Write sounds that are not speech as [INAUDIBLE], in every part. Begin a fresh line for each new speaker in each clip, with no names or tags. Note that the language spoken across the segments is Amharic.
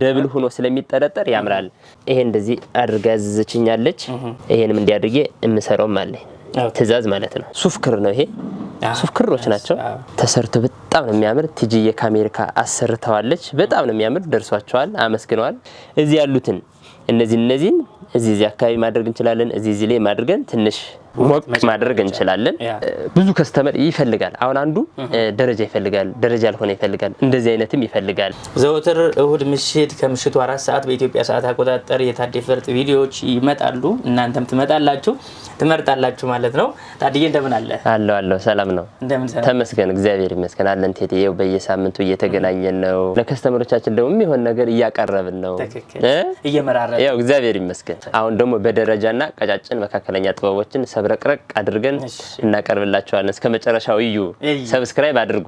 ደብል ሆኖ ስለሚጠረጠር ያምራል። ይሄ እንደዚህ አድርጋ ያዘዘችኛለች። ይሄንም እንዲያድርጌ የምሰራውም አለ ትእዛዝ ማለት ነው። ሱፍ ክር ነው ይሄ ሱፍ ክሮች ናቸው። ተሰርቶ በጣም ነው የሚያምር። ትጅዬ ከአሜሪካ አሰርተዋለች። በጣም ነው የሚያምር። ደርሷቸዋል፣ አመስግነዋል። እዚህ ያሉትን እነዚህ እነዚህን እዚህ እዚህ አካባቢ ማድረግ እንችላለን። እዚህ እዚህ ላይ ማድርገን ትንሽ ሞቅ ማድረግ እንችላለን። ብዙ ከስተመር ይፈልጋል። አሁን አንዱ ደረጃ ይፈልጋል፣ ደረጃ ያልሆነ ይፈልጋል፣ እንደዚህ አይነትም ይፈልጋል።
ዘወትር እሁድ ምሽት ከምሽቱ አራት ሰዓት በኢትዮጵያ ሰዓት አቆጣጠር የታዴ ፈርጥ ቪዲዮዎች ይመጣሉ። እናንተም ትመጣላችሁ፣ ትመርጣላችሁ ማለት ነው። ታድዬ እንደምን አለ?
አለሁ አለሁ፣ ሰላም ነው፣ ተመስገን፣ እግዚአብሔር ይመስገን አለን። ቴቴ ይኸው በየሳምንቱ እየተገናኘን ነው። ለከስተመሮቻችን ደግሞ የሚሆን ነገር እያቀረብን ነው፣ እየመራረብን። እግዚአብሔር ይመስገን። አሁን ደግሞ በደረጃና ቀጫጭን መካከለኛ ጥበቦችን ዘብረቅረቅ አድርገን እናቀርብላችኋለን። እስከ መጨረሻው እዩ። ሰብስክራይብ አድርጉ፣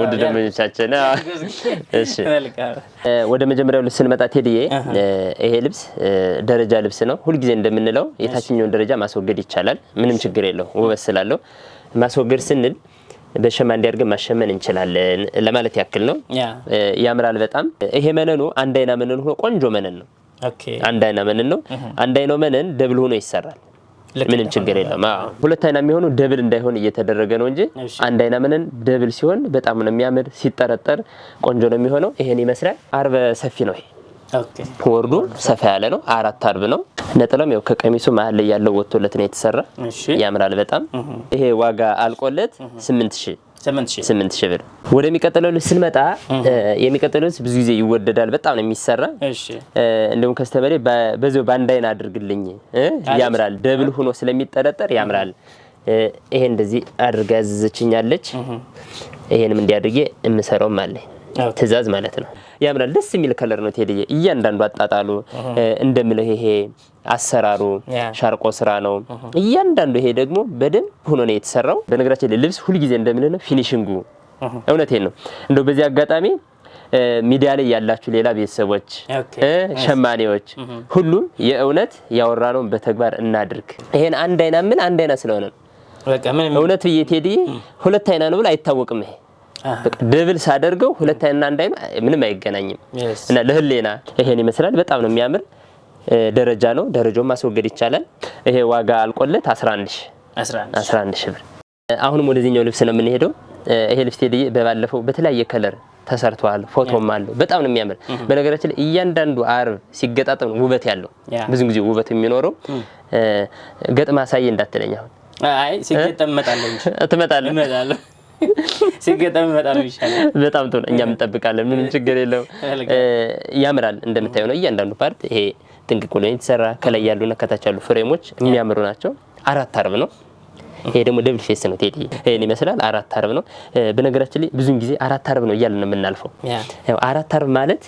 ውድ ደንበኞቻችን። [LAUGHS] ወደ መጀመሪያው ልብስ ስንመጣ ቴዲዬ፣ ይሄ ልብስ ደረጃ ልብስ ነው። ሁልጊዜ እንደምንለው የታችኛውን ደረጃ ማስወገድ ይቻላል፣ ምንም ችግር የለው። ውበት ስላለው ማስወገድ ስንል በሸማ እንዲያድርገን ማሸመን እንችላለን ለማለት ያክል ነው። ያምራል በጣም ይሄ መነኑ አንድ አይና መነን ሆኖ ቆንጆ መነን ነው። አንድ አይና መነን ነው። አንድ አይናው መነን ደብል ሆኖ ይሰራል። ምንም ችግር የለም። ሁለት አይና የሚሆኑ ደብል እንዳይሆን እየተደረገ ነው እንጂ አንድ አይና ምንን ደብል ሲሆን በጣም ነው የሚያምር፣ ሲጠረጠር ቆንጆ ነው የሚሆነው። ይሄን ይመስላል። አርበ ሰፊ ነው ይሄ ወርዱ ሰፋ ያለ ነው። አራት አርብ ነው። ነጥለም ያው ከቀሚሱ መሀል ላይ ያለው ወጥቶለት ነው የተሰራ ያምራል በጣም። ይሄ ዋጋ አልቆለት ስምንት ሺህ
ስምንት
ሺህ ብር። ወደሚቀጥለው ልብስ ስንመጣ የሚቀጥለው ልብስ ብዙ ጊዜ ይወደዳል፣ በጣም ነው የሚሰራ። እንደውም ከስተመሬ በዚያው በአንድ አይን አድርግልኝ ያምራል፣ ደብል ሆኖ ስለሚጠረጠር ያምራል። ይሄ እንደዚህ አድርጋ ያዘዘችኛለች። ይሄንም እንዲያድርጌ የምሰራውም አለ ትእዛዝ ማለት ነው። ያምራል። ደስ የሚል ከለር ነው ቴዲዬ። እያንዳንዱ አጣጣሉ እንደምልህ ይሄ አሰራሩ ሻርቆ ስራ ነው እያንዳንዱ። ይሄ ደግሞ በደንብ ሆኖ ነው የተሰራው። በነገራችን ላይ ልብስ ሁልጊዜ እንደምልህ ነው ፊኒሽንጉ። እውነቴን ነው። እንደው በዚህ አጋጣሚ ሚዲያ ላይ ያላችሁ ሌላ ቤተሰቦች፣ ሸማኔዎች ሁሉም የእውነት ያወራነውን በተግባር እናድርግ። ይሄን አንድ አይና ምን አንድ አይና ስለሆነ እውነት ብዬ ቴዲዬ ሁለት አይና ነው ብሎ አይታወቅም ይሄ ደብል ሳደርገው ሁለት አይና አንድ አይን ምንም አይገናኝም እና ለህሌና ይሄን ይመስላል። በጣም ነው የሚያምር ደረጃ ነው። ደረጃውን ማስወገድ ይቻላል። ይሄ ዋጋ አልቆለት 11 ሺህ 11 ብር። አሁንም ወደዚህኛው ልብስ ነው የምንሄደው። ይሄ ልብስ ቴዲ በባለፈው በተለያየ ከለር ተሰርተዋል። ፎቶም አለው። በጣም ነው የሚያምር። በነገራችን ላይ እያንዳንዱ አርብ ሲገጣጠም ውበት ያለው ብዙ ጊዜ ውበት የሚኖረው ገጥማ ሳይ እንዳትለኝ አሁን
አይ ሲገጠም እመጣለሁ እንጂ እመጣለሁ [LAUGHS] ሲገጠም በጣም
ይሻላል። በጣም ጥሩ። እኛም እንጠብቃለን። ምንም ችግር የለው። ያምራል። እንደምታየው ነው እያንዳንዱ ፓርት። ይሄ ጥንቅቅ ብሎ የተሰራ ከላይ ያሉና ከታች ያሉ ፍሬሞች የሚያምሩ ናቸው። አራት አርብ ነው። ይሄ ደግሞ ደብል ፌስ ነው ቴዲ፣ ይሄን ይመስላል። አራት አርብ ነው። በነገራችን ላይ ብዙን ጊዜ አራት አርብ ነው እያልን ነው የምናልፈው። አራት አርብ ማለት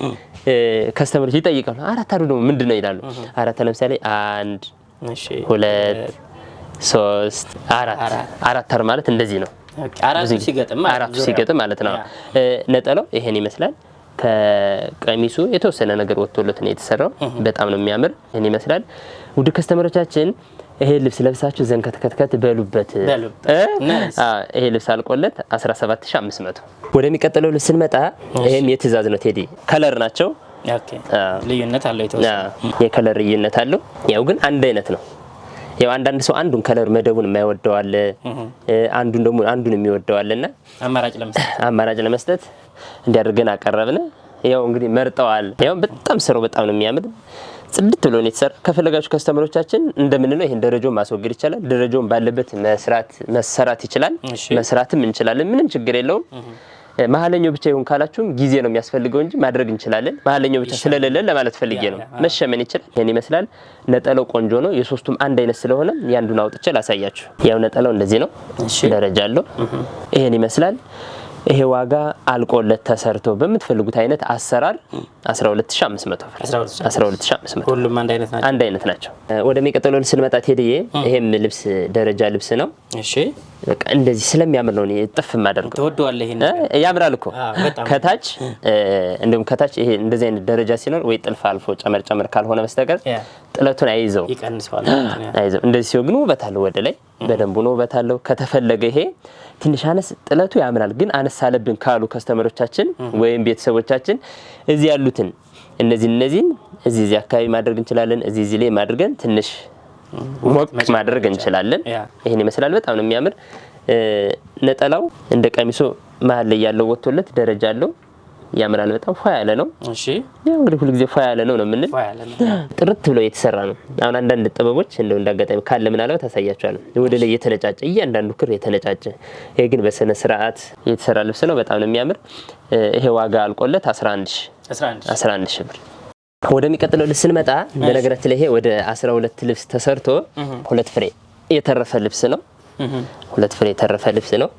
ከስተመሮች ይጠይቃሉ። አራት አርብ ደግሞ ምንድን ነው ይላሉ። አራት ለምሳሌ አንድ፣ ሁለት፣ ሶስት፣ አራት። አራት አርብ ማለት እንደዚህ ነው። አራቱ ሲገጥም ማለት ነው። ነጠላው ይሄን ይመስላል። ከቀሚሱ የተወሰነ ነገር ወጥቶለት ነው የተሰራው። በጣም ነው የሚያምር። ይሄን ይመስላል። ውድ ከስተመሮቻችን ይሄ ልብስ ለብሳችሁ ዘን ከተከትከት በሉበት። ይሄ ልብስ አልቆለት 17500። ወደሚቀጥለው ልብስ ስንመጣ ይሄም የትእዛዝ ነው ቴዲ። ከለር ናቸው ልዩነት አለው። የከለር ልዩነት አለው። ያው ግን አንድ አይነት ነው ያው አንዳንድ ሰው አንዱን ከለር መደቡን የማይወደዋል አንዱን ደግሞ አንዱን የሚወደው አለና አማራጭ ለመስጠት እንዲያደርገን አቀረብን። ያው እንግዲህ መርጠዋል። ያው በጣም ስራው በጣም ነው የሚያምር ጽድት ብሎ ነው የተሰራ። ከፈለጋችሁ ከስተመሮቻችን እንደምንለው ይሄን ደረጃውን ማስወገድ ይቻላል። ደረጃውን ባለበት መስራት መሰራት ይችላል። መስራትም እንችላለን። ምንም ችግር የለውም። መሀለኛው ብቻ ይሁን ካላችሁም ጊዜ ነው የሚያስፈልገው እንጂ ማድረግ እንችላለን። መሀለኛው ብቻ ስለሌለን ለማለት ፈልጌ ነው። መሸመን ይችላል። ይህን ይመስላል። ነጠለው ቆንጆ ነው። የሶስቱም አንድ አይነት ስለሆነ ያንዱን አውጥቼ ላሳያችሁ። ያው ነጠለው እንደዚህ ነው፣ ደረጃ አለው። ይህን ይመስላል። ይሄ ዋጋ አልቆለት ተሰርቶ በምትፈልጉት አይነት አሰራር
12500 ሁሉም አንድ አይነት ናቸው፣
አንድ አይነት ናቸው። ወደሚቀጥለው ስንመጣ ቴዲዬ፣ ይሄም ልብስ ደረጃ ልብስ ነው። እሺ፣ እንደዚህ ስለሚያምር ነው ጥፍ የማደርገው።
ተወደዋለህ? ይሄን
ያምራል እኮ ከታች እንዲሁም ከታች ይሄ እንደዚህ አይነት ደረጃ ሲኖር ወይ ጥልፍ አልፎ ጨመር ጨመር ካልሆነ በስተቀር ጥለቱን አይዘው [GASPS] አይዘው እንደዚህ ሲሆን ግን ውበት አለው፣ ወደ ላይ በደንቡ ነው ውበት አለው። ከተፈለገ ይሄ ትንሽ አነስ ጥለቱ ያምራል። ግን አነስ አለብን ካሉ ከስተመሮቻችን ወይም ቤተሰቦቻችን እዚህ ያሉትን እነዚህ እነዚህን እዚህ እዚህ አካባቢ ማድረግ እንችላለን። እዚህ እዚህ ላይ ማድርገን ትንሽ ሞቅ ማድረግ እንችላለን። ይህን ይመስላል። በጣም ነው የሚያምር ነጠላው። እንደ ቀሚሱ መሀል ላይ ያለው ወጥቶለት ደረጃ አለው። ያምራል። በጣም ፏ ያለ ነው። እሺ ያው እንግዲህ ሁልጊዜ ፏ ያለ ነው ነው የምንል ጥርት ብሎ የተሰራ ነው። አሁን አንዳንድ ጥበቦች እንደው እንዳጋጣሚ ካለ ምናልባት አሳያቸዋለሁ። ወደ ላይ የተነጫጨ እያንዳንዱ ክር የተነጫጨ፣ ይሄ ግን በስነ ስርዓት የተሰራ ልብስ ነው። በጣም ነው የሚያምር። ይሄ ዋጋ አልቆለት
11
ሺ ብር። ወደሚቀጥለው ልብስ ስንመጣ በነገራችን ላይ ይሄ ወደ 12 ልብስ ተሰርቶ ሁለት ፍሬ የተረፈ ልብስ ነው። ሁለት ፍሬ የተረፈ ልብስ ነው።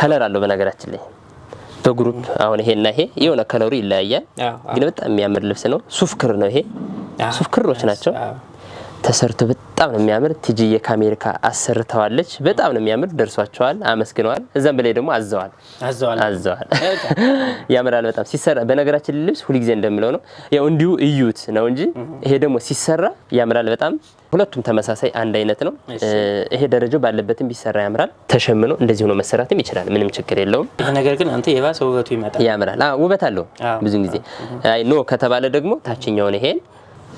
ከለር አለው በነገራችን ላይ በግሩፕ አሁን ይሄና ይሄ የሆነ ከለሩ ይለያያል፣ ግን በጣም የሚያምር ልብስ ነው። ሱፍክር ክር ነው ይሄ ሱፍ ክሮች ናቸው። ተሰርቶ በጣም ነው የሚያምር። ቲጂዬ ከአሜሪካ አሰርተዋለች። በጣም ነው የሚያምር። ደርሷቸዋል፣ አመስግነዋል። እዛም በላይ ደግሞ አዘዋል አዘዋል። [LAUGHS] ያምራል በጣም ሲሰራ። በነገራችን ልብስ ሁልጊዜ እንደምለው ነው ያው እንዲሁ እዩት ነው እንጂ ይሄ ደግሞ ሲሰራ ያምራል በጣም። ሁለቱም ተመሳሳይ አንድ አይነት ነው። ይሄ ደረጃው ባለበትም ቢሰራ ያምራል። ተሸምኖ እንደዚህ ሆኖ መሰራትም ይችላል። ምንም ችግር የለውም።
ይሄ ነገር ግን አንተ የባሰ ውበቱ ይመጣል።
ያምራል። ውበት አለው ብዙ ጊዜ አይ ኖ ከተባለ ደግሞ ታችኛውን ይሄን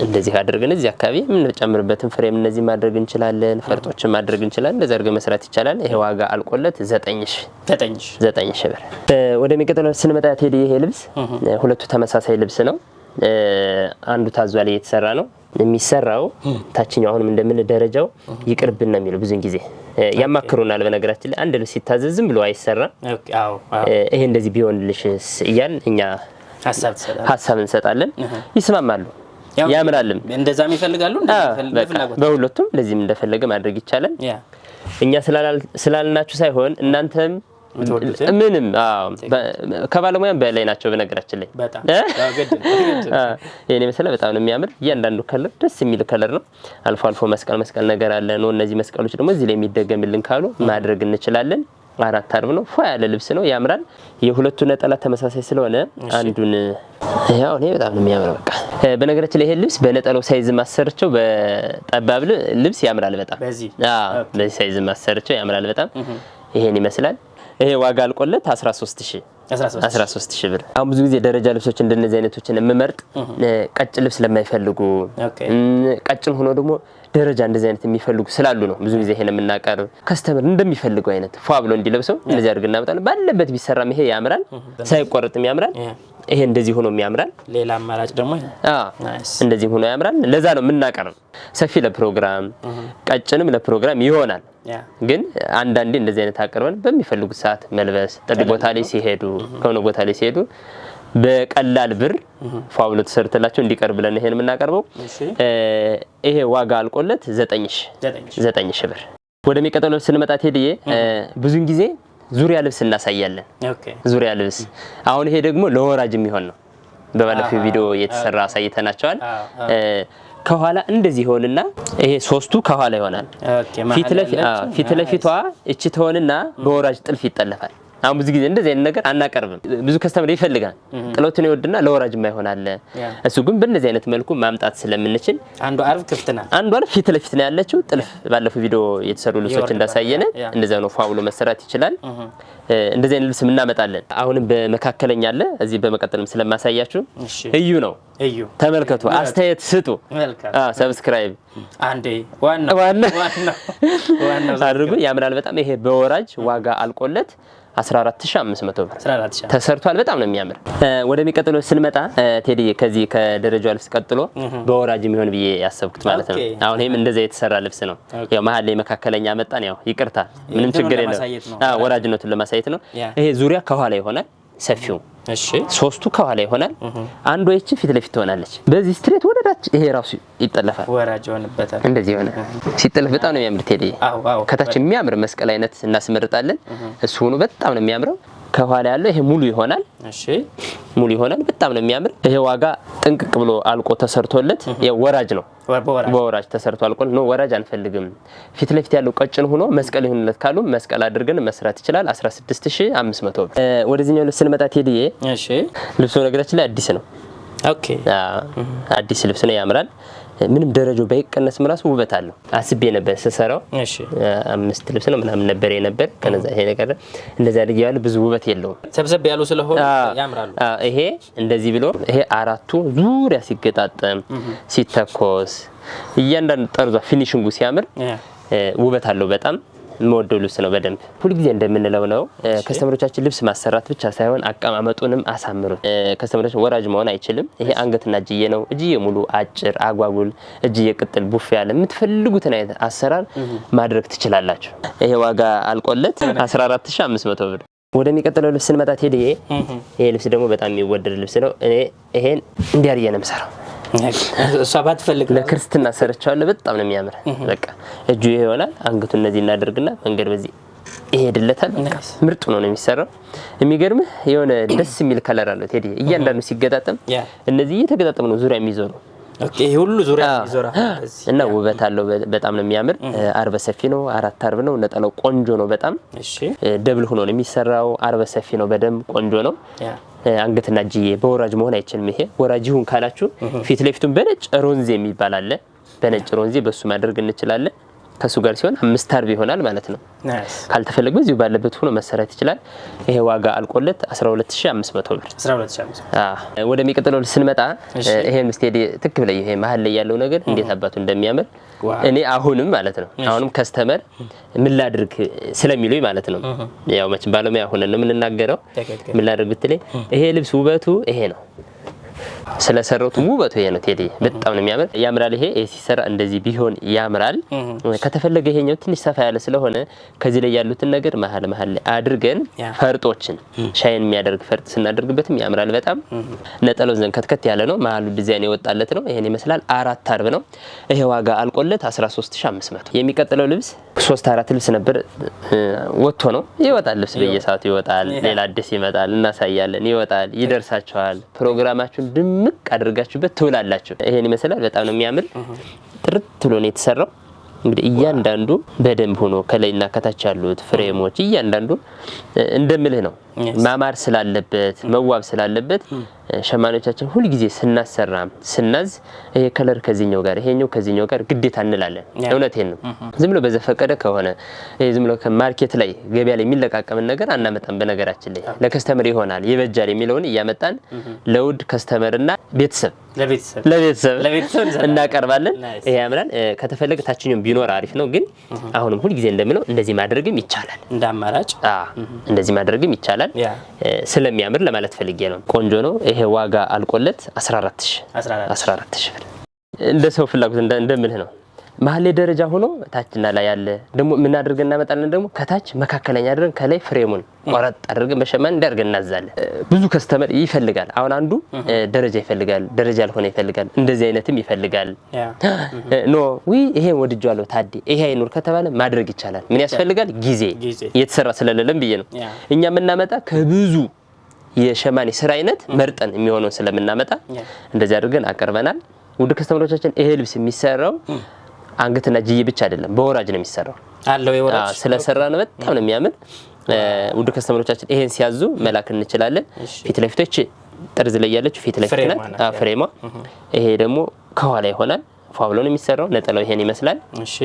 እንደዚህ አድርገን እዚህ አካባቢ የምንጨምርበትን ፍሬም እነዚህ ማድረግ እንችላለን። ፈርጦችን ማድረግ እንችላለን። እንደዚህ አድርገን መስራት ይቻላል። ይሄ ዋጋ አልቆለት ዘጠኝ ሺህ ብር። ወደሚቀጥለው ስንመጣ ቴዲ፣ ይሄ ልብስ ሁለቱ ተመሳሳይ ልብስ ነው። አንዱ ታዟ ላይ የተሰራ ነው የሚሰራው ታችኛው አሁንም እንደምን ደረጃው ይቅርብን ነው የሚለው። ብዙን ጊዜ ያማክሩናል። በነገራችን ላይ አንድ ልብስ ሲታዘዝ ዝም ብሎ አይሰራ። ይሄ እንደዚህ ቢሆንልሽስ እያል እኛ ሀሳብ እንሰጣለን። ይስማማሉ። ያምናልን
እንደዛም ይፈልጋሉ
በሁለቱም ለዚህም እንደፈለገ ማድረግ ይቻላል። እኛ ስላልናችሁ ሳይሆን እናንተም ምንም ከባለሙያም በላይ ናቸው። በነገራችን ላይ ይህኔ የመሰለ በጣም ነው የሚያምር። እያንዳንዱ ከለር ደስ የሚል ከለር ነው። አልፎ አልፎ መስቀል መስቀል ነገር አለ ነው። እነዚህ መስቀሎች ደግሞ እዚህ ላይ የሚደገምልን ካሉ ማድረግ እንችላለን። አራት አርብ ነው። ፏ ያለ ልብስ ነው፣ ያምራል። የሁለቱ ነጠላ ተመሳሳይ ስለሆነ አንዱን ያው እኔ በጣም ነው የሚያምረው። በቃ በነገራችን ላይ ይሄ ልብስ በነጠላው ሳይዝ ማሰርቸው በጠባብ ልብስ ያምራል በጣም በዚህ ሳይዝ ማሰርቸው ያምራል በጣም ይሄን ይመስላል። ይሄ ዋጋ አልቆለት 13 ሺህ
13
ሺህ ብር። አሁን ብዙ ጊዜ ደረጃ ልብሶች እንደነዚህ አይነቶችን የምመርጥ ቀጭን ልብስ ለማይፈልጉ ቀጭን ሆኖ ደግሞ ደረጃ እንደዚህ አይነት የሚፈልጉ ስላሉ ነው። ብዙ ጊዜ ይሄን የምናቀርብ ከስተምር እንደሚፈልገው አይነት ፏ ብሎ እንዲለብሰው እንደዚህ አድርገን እናመጣለን። ባለበት ቢሰራም ይሄ ያምራል፣ ሳይቆረጥም ያምራል። ይሄ እንደዚህ ሆኖ የሚያምራል።
ሌላ አማራጭ ደግሞ
እንደዚህ ሆኖ ያምራል። ለዛ ነው የምናቀርብ። ሰፊ ለፕሮግራም ቀጭንም ለፕሮግራም ይሆናል። ግን አንዳንዴ እንደዚህ አይነት አቅርበን በሚፈልጉት ሰዓት መልበስ ጥድ ቦታ ላይ ሲሄዱ ከሆነ ቦታ ላይ ሲሄዱ በቀላል ብር ፏብሎ ተሰርተላቸው እንዲቀርብ ብለን ይሄን የምናቀርበው። ይሄ ዋጋ አልቆለት ዘጠኝ ሺህ ብር። ወደሚቀጥለው ስንመጣ ቴድዬ ብዙን ጊዜ ዙሪያ ልብስ እናሳያለን። ዙሪያ ልብስ አሁን ይሄ ደግሞ ለወራጅ የሚሆን ነው። በባለፈው ቪዲዮ የተሰራ አሳይተናቸዋል። ከኋላ እንደዚህ ይሆንና ይሄ ሶስቱ ከኋላ ይሆናል። ፊት ለፊቷ እቺ ትሆንና በወራጅ ጥልፍ ይጠለፋል። አሁን ብዙ ጊዜ እንደዚህ አይነት ነገር አናቀርብም። ብዙ ከስተመር ይፈልጋል ጥሎትን ይወድና ለወራጅ የማይሆን አለ። እሱ ግን በእንደዚህ አይነት መልኩ ማምጣት ስለምንችል
አንዱ አርብ ክፍት ናት፣
አንዱ አርብ ፊት ለፊት ነው ያለችው። ጥልፍ ባለፈው ቪዲዮ የተሰሩ ልብሶች እንዳሳየነ እንደዛ ነው ፏ ብሎ መሰራት ይችላል። እንደዚህ አይነት ልብስ እናመጣለን። አሁንም በመካከለኛ አለ። እዚህ በመቀጠልም ስለማሳያችሁ እዩ ነው እዩ። ተመልከቱ፣ አስተያየት ስጡ፣ ሰብስክራይብ
አንዴ ዋና
ዋና አድርጉ። ያምራል በጣም ይሄ በወራጅ ዋጋ አልቆለት 14500 ብር ተሰርቷል። በጣም ነው የሚያምር። ወደሚቀጥለው ስንመጣ ቴዲ ከዚህ ከደረጃው ልብስ ቀጥሎ በወራጅ የሚሆን ብዬ ያሰብኩት ማለት ነው። አሁን ይሄም እንደዛ የተሰራ ልብስ ነው። ያው መሀል ላይ መካከለኛ መጣን። ያው ይቅርታ፣ ምንም ችግር የለም። ወራጅነቱን ለማሳየት ነው። ይሄ ዙሪያ ከኋላ ይሆናል ሰፊው ሶስቱ ከኋላ ይሆናል። አንዱ ይቺ ፊት ለፊት ትሆናለች። በዚህ ስትሬት ወደ ታች ይሄ ራሱ ይጠለፋል፣
ወራጅ ይሆንበታል።
እንደዚህ ሆነ ሲጠለፍ በጣም ነው የሚያምር። ቴዲ ከታች የሚያምር መስቀል አይነት እናስመርጣለን። እሱ ሆኖ በጣም ነው የሚያምረው። ከኋላ ያለው ይሄ ሙሉ ይሆናል። እሺ ሙሉ ይሆናል። በጣም ነው የሚያምር። ይሄ ዋጋ ጥንቅቅ ብሎ አልቆ ተሰርቶለት ወራጅ ነው፣ በወራጅ ተሰርቶ አልቆ ነው። ወራጅ አንፈልግም። ፊት ለፊት ያለው ቀጭን ሆኖ መስቀል ይሁንለት ካሉ መስቀል አድርገን መስራት ይችላል። 16500 ብር። ወደዚህኛው ልብስ ስንመጣ ቴዲዬ፣ እሺ ልብሱ ነገራችን ላይ አዲስ ነው። ኦኬ አዲስ ልብስ ነው፣ ያምራል። ምንም ደረጃው ባይቀነስም ራሱ ውበት አለው። አስቤ ነበር ስሰራው አምስት ልብስ ነው ምናምን ነበር የነበር ከነዛ ይሄ ነገር እንደዚህ አድርጌ ያለ ብዙ ውበት የለውም።
ሰብሰብ ያሉ ስለሆነ
ያምራሉ። ይሄ እንደዚህ ብሎ ይሄ አራቱ ዙሪያ ሲገጣጠም ሲተኮስ እያንዳንዱ ጠርዟ ፊኒሽንጉ ሲያምር ውበት አለው በጣም የምወደው ልብስ ነው። በደንብ ሁልጊዜ እንደምንለው ነው ከስተምሮቻችን ልብስ ማሰራት ብቻ ሳይሆን አቀማመጡንም አሳምሩት። ከስተምሮቻችን ወራጅ መሆን አይችልም። ይሄ አንገትና እጅዬ ነው። እጅዬ ሙሉ፣ አጭር፣ አጓጉል፣ እጅዬ ቅጥል፣ ቡፍ ያለ የምትፈልጉትን አይነት አሰራር ማድረግ ትችላላችሁ። ይሄ ዋጋ አልቆለት 14500 ብር። ወደሚቀጥለው ልብስ ስንመጣ ቴድዬ ይሄ ልብስ ደግሞ በጣም የሚወደድ ልብስ ነው። እኔ ይሄን እንዲያርየ ነው የምሰራው እሷ ባትፈልግ ለክርስትና ሰርቻለሁ። በጣም ነው የሚያምር። በቃ እጁ ይሄ ይሆናል። አንገቱ እነዚህ እናደርግና መንገድ በዚህ ይሄድለታል። ምርጥ ነው ነው የሚሰራው። የሚገርምህ የሆነ ደስ የሚል ከለር አለው ቴዲ። እያንዳንዱ ሲገጣጠም እነዚህ እየተገጣጠሙ ነው ዙሪያ የሚይዘው ነው ይሄ ሁሉ ዙሪያ ይዞራል እና ውበት አለው። በጣም ነው የሚያምር። አርበ ሰፊ ነው፣ አራት አርብ ነው። ነጠላው ቆንጆ ነው በጣም ደብል ሆኖ ነው የሚሰራው። አርበ ሰፊ ነው፣ በደንብ ቆንጆ ነው። አንገትና እጅዬ በወራጅ መሆን አይችልም። ይሄ ወራጅ ይሁን ካላችሁ ፊት ለፊቱን በነጭ ሮንዜ የሚባል አለ። በነጭ ሮንዜ በሱ ማድረግ እንችላለን። ከሱ ጋር ሲሆን አምስት አርብ ይሆናል ማለት ነው። ካልተፈለገ በዚሁ ባለበት ሆኖ መሰራት ይችላል። ይሄ ዋጋ አልቆለት 12500 ብር። ወደሚቀጥለው ስንመጣ ይሄን ምስቴድ ትክ ብለ ይሄ መሀል ላይ ያለው ነገር እንዴት አባቱ እንደሚያምር እኔ አሁንም ማለት ነው አሁንም ከስተመር ምን ላድርግ ስለሚሉኝ ማለት ነው ያው መቼም ባለሙያ ሆነን ነው የምንናገረው። ምን ላድርግ ብትለኝ ይሄ ልብስ ውበቱ ይሄ ነው ስለሰሩት ውበቱ ይሄ ነው። ቴዲ በጣም ነው የሚያምር፣ ያምራል። ይሄ ሲሰራ እንደዚህ ቢሆን ያምራል። ከተፈለገ ይሄኛው ትንሽ ሰፋ ያለ ስለሆነ ከዚህ ላይ ያሉትን ነገር መሀል መሀል ላይ አድርገን ፈርጦችን ሻይን የሚያደርግ ፈርጥ ስናደርግበትም ያምራል በጣም። ነጠላው ዘንድ ከትከት ያለ ነው። መሀሉ ዲዛይን የወጣለት ነው። ይሄን ይመስላል። አራት አርብ ነው ይሄ ዋጋ አልቆለት 13500። የሚቀጥለው ልብስ ሶስት አራት ልብስ ነበር ወጥቶ ነው ይወጣል። ልብስ በየሰዓቱ ይወጣል፣ ሌላ አዲስ ይመጣል። እናሳያለን። ይወጣል፣ ይደርሳቸዋል ፕሮግራማችሁን ድምቅ አድርጋችሁበት ትውላላችሁ። ይሄን ይመስላል። በጣም ነው የሚያምር። ጥርት ብሎ ነው የተሰራው። እንግዲህ እያንዳንዱ በደንብ ሆኖ ከላይና ከታች ያሉት ፍሬሞች እያንዳንዱ እንደምልህ ነው ማማር ስላለበት mm. መዋብ ስላለበት mm. ሸማኔዎቻችን ሁልጊዜ ስናሰራም ስናዝ ይሄ ከለር ከዚህኛው ጋር ይሄኛው ከዚህኛው ጋር ግዴታ እንላለን። እውነቴን ነው። mm-hmm. ዝም ብሎ በዘፈቀደ ከሆነ ዝም ብሎ ማርኬት ላይ ገበያ ላይ የሚለቃቀምን ነገር አናመጣም። በነገራችን ላይ ለከስተመር ይሆናል ይበጃል የሚለውን እያመጣን mm-hmm. ለውድ ከስተመርና ቤተሰብ ለቤተሰብ እናቀርባለን። ይሄ ያምራል። ከተፈለገ ታችኛውም ቢኖር አሪፍ ነው፣ ግን mm-hmm. አሁንም ሁልጊዜ እንደምለው እንደዚህ ማድረግም ይቻላል። እንደ አማራጭ እንደዚህ ማድረግም ይቻላል። ይባላል። ስለሚያምር ለማለት ፈልጌ ነው። ቆንጆ ነው። ይሄ ዋጋ አልቆለት 14 ሺህ ብር እንደ ሰው ፍላጎት እንደምልህ ነው። መሀል ላይ ደረጃ ሆኖ ታችና ላይ ያለ ደግሞ የምናደርገን እናመጣለን። ደግሞ ከታች መካከለኛ አድርገን ከላይ ፍሬሙን ቆረጥ አድርገን በሸማን እንዲያደርገን እናዛለን። ብዙ ከስተመር ይፈልጋል። አሁን አንዱ ደረጃ ይፈልጋል፣ ደረጃ ያልሆነ ይፈልጋል፣ እንደዚህ አይነትም ይፈልጋል። ኖ ዊ ይሄን ወድጄዋለሁ ታዴ ይሄ አይኖር ከተባለ ማድረግ ይቻላል። ምን ያስፈልጋል? ጊዜ የተሰራ ስለሌለም ብዬ ነው እኛ የምናመጣ ከብዙ የሸማኔ ስራ አይነት መርጠን የሚሆነውን ስለምናመጣ እንደዚህ አድርገን አቀርበናል። ውድ ከስተመሮቻችን ይሄ ልብስ የሚሰራው አንገትና ጅዬ ብቻ አይደለም፣ በወራጅ ነው የሚሰራው አለው የወራጅ ስለሰራ ነው በጣም ነው የሚያምን። ውድ ከስተመሮቻችን ይሄን ሲያዙ መላክ እንችላለን። ፊት ለፊቶች ጠርዝ ላይ ያለችው ፊት ለፊት ናት ፍሬማ። ይሄ ደግሞ ከኋላ ይሆናል። ፋብሎ ነው የሚሰራው። ነጠላው ይሄን ይመስላል። እሺ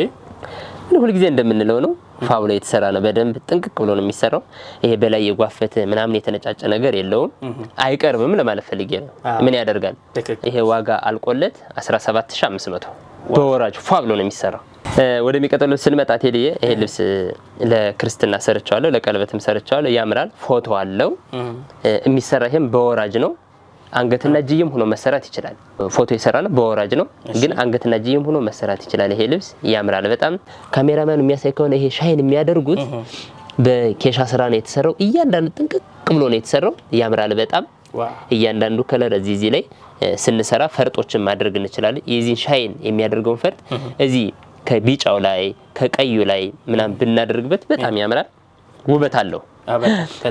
ሁልጊዜ እንደምንለው ነው ፋብሎ የተሰራ ነው። በደንብ ጥንቅቅ ብሎ ነው የሚሰራው። ይሄ በላይ የጓፈተ ምናምን የተነጫጨ ነገር የለውም። አይቀርብም ለማለት ፈልጌ ነው። ምን ያደርጋል ይሄ ዋጋ አልቆለት 17500 በወራጅ ፏ ብሎ ነው የሚሰራ። ወደ ልብስ ስንመጣ ቴዲዬ ይሄ ልብስ ለክርስትና ሰርቻለሁ፣ ለቀለበትም ሰርቻለሁ። ያምራል፣ ፎቶ አለው የሚሰራ ይሄም በወራጅ ነው። አንገትና እጅዬም ሆኖ መሰራት ይችላል። ፎቶ የሰራ ነው በወራጅ ነው፣ ግን አንገትና እጅዬም ሆኖ መሰራት ይችላል። ይሄ ልብስ ያምራል በጣም ካሜራማኑ የሚያሳይ ከሆነ ይሄ ሻይን የሚያደርጉት በኬሻ ስራ ነው የተሰራው። እያንዳንዱ ጥንቅቅ ብሎ ነው የተሰራው። ያምራል በጣም እያንዳንዱ ከለር እዚህ እዚህ ላይ ስንሰራ ፈርጦችን ማድረግ እንችላለን። የዚህን ሻይን የሚያደርገውን ፈርጥ እዚህ ከቢጫው ላይ ከቀዩ ላይ ምናምን ብናደርግበት በጣም ያምራል፣ ውበት አለው።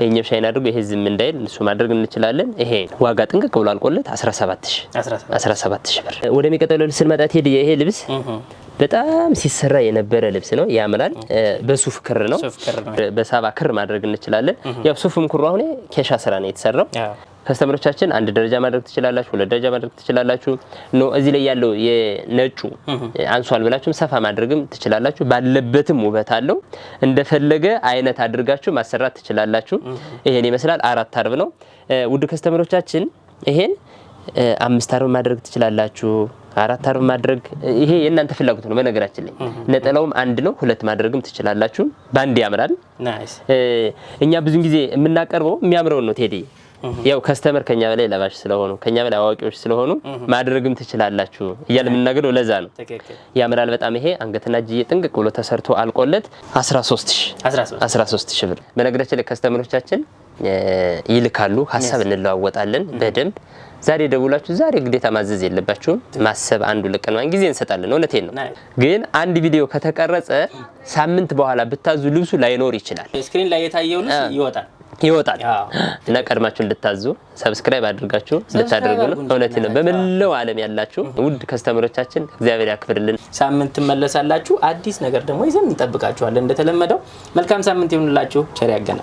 ይህኛው ሻይን አድርጎ ይሄ ዝም እንዳይል እሱ ማድረግ እንችላለን። ይሄ ዋጋ ጥንቅቅ ብሎ አልቆለት 17 ሺህ ብር። ወደሚቀጥለው ልብስ ስንመጣ ቴዲ፣ ይሄ ልብስ በጣም ሲሰራ የነበረ ልብስ ነው። ያምራል። በሱፍ ክር ነው፣ በሳባ ክር ማድረግ እንችላለን። ያው ሱፍም ክሩ አሁን ኬሻ ስራ ነው የተሰራው ከስተምሮቻችን አንድ ደረጃ ማድረግ ትችላላችሁ፣ ሁለት ደረጃ ማድረግ ትችላላችሁ። ኖ እዚህ ላይ ያለው የነጩ አንሷል ብላችሁም ሰፋ ማድረግም ትችላላችሁ። ባለበትም ውበት አለው። እንደፈለገ አይነት አድርጋችሁ ማሰራት ትችላላችሁ። ይሄን ይመስላል። አራት አርብ ነው ውድ ከስተምሮቻችን። ይሄን አምስት አርብ ማድረግ ትችላላችሁ። አራት አርብ ማድረግ ይሄ የእናንተ ፍላጎት ነው። በነገራችን ላይ ነጠላውም አንድ ነው፣ ሁለት ማድረግም ትችላላችሁ። ባንድ ያምራል። እኛ ብዙን ጊዜ የምናቀርበው የሚያምረውን ነው ቴዲ ያው ከስተመር ከኛ በላይ ለባሽ ስለሆኑ ከኛ በላይ አዋቂዎች ስለሆኑ ማድረግም ትችላላችሁ እያለ የምናገረው ለዛ ነው። ያምራል በጣም ይሄ አንገትና እጅዬ ጥንቅቅ ብሎ ተሰርቶ አልቆለት 13000 ብር። በነገራችን ላይ ከስተመሮቻችን ይልካሉ፣ ሀሳብ እንለዋወጣለን በደንብ ዛሬ ደውላችሁ ዛሬ ግዴታ ማዘዝ የለባችሁም። ማሰብ አንዱ ለቀን ጊዜ እንሰጣለን። እውነቴን ነው። ግን አንድ ቪዲዮ ከተቀረጸ ሳምንት በኋላ ብታዙ ልብሱ ላይኖር ይችላል። ስክሪን ላይ የታየው ልብስ ይወጣል። ይወጣል እና ቀድማችሁ እንድታዙ ሰብስክራይብ አድርጋችሁ እንድታደርጉ ነው። እውነት ነው። በመላው ዓለም ያላችሁ ውድ ከስተምሮቻችን እግዚአብሔር ያክብርልን። ሳምንት ትመለሳላችሁ። አዲስ ነገር ደግሞ ይዘን እንጠብቃችኋለን። እንደተለመደው መልካም ሳምንት ይሁንላችሁ። ቸር ያገናኝ